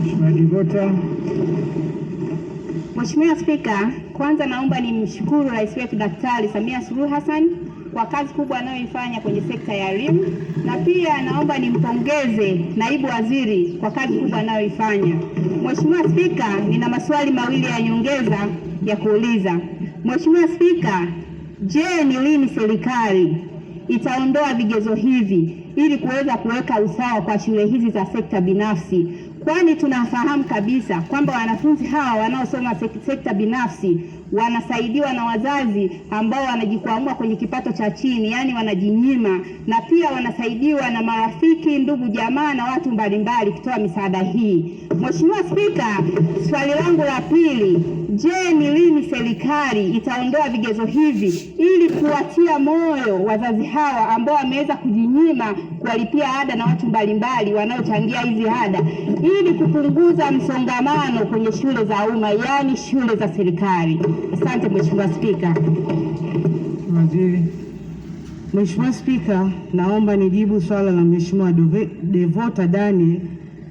Mheshimiwa Devota. Mheshimiwa Spika, kwanza naomba nimshukuru Rais wetu Daktari Samia Suluhu Hassan kwa kazi kubwa anayoifanya kwenye sekta ya elimu, na pia naomba nimpongeze naibu waziri kwa kazi kubwa anayoifanya. Mheshimiwa Spika, nina maswali mawili ya nyongeza ya kuuliza. Mheshimiwa Spika, je, ni lini serikali itaondoa vigezo hivi ili kuweza kuweka usawa kwa shule hizi za sekta binafsi, kwani tunafahamu kabisa kwamba wanafunzi hawa wanaosoma sekta binafsi wanasaidiwa na wazazi ambao wanajikwamua kwenye kipato cha chini, yaani wanajinyima, na pia wanasaidiwa na marafiki, ndugu, jamaa na watu mbalimbali kutoa misaada hii. Mheshimiwa Spika, swali langu la pili, je, ni lini serikali itaondoa vigezo hivi ili kuwatia moyo wazazi hawa ambao wameweza kujinyima kuwalipia ada na watu mbalimbali wanaochangia hizi ada ili kupunguza msongamano kwenye shule za umma, yaani shule za serikali? Asante Mheshimiwa Spika. Waziri. Mheshimiwa Spika, naomba nijibu swala la Mheshimiwa Devota Daniel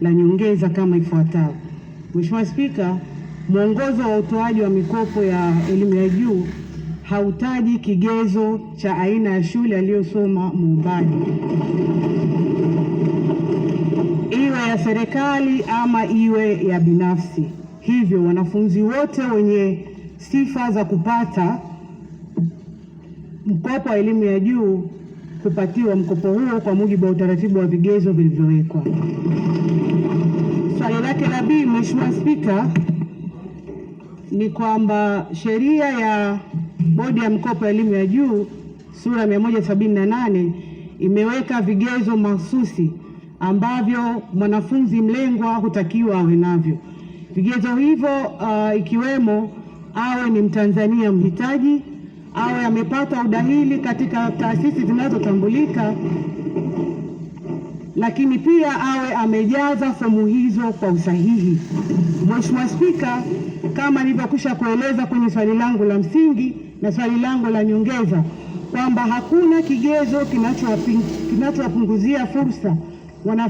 la nyongeza kama ifuatavyo. Mheshimiwa Spika, mwongozo wa utoaji wa mikopo ya elimu ya juu hautaji kigezo cha aina ya shule aliyosoma muombaji, iwe ya serikali ama iwe ya binafsi. Hivyo wanafunzi wote wenye sifa za kupata mkopo wa elimu ya juu kupatiwa mkopo huo kwa mujibu wa utaratibu wa vigezo vilivyowekwa. Swali lake la B, Mheshimiwa Spika, ni kwamba sheria ya bodi ya mkopo ya elimu ya juu sura 178 imeweka vigezo mahsusi ambavyo mwanafunzi mlengwa hutakiwa awe navyo. Vigezo hivyo uh, ikiwemo awe ni Mtanzania mhitaji awe amepata udahili katika taasisi zinazotambulika, lakini pia awe amejaza fomu hizo kwa usahihi. Mheshimiwa Spika, kama nilivyokwisha kueleza kwenye swali langu la msingi na swali langu la nyongeza kwamba hakuna kigezo kinachowapunguzia fursa wana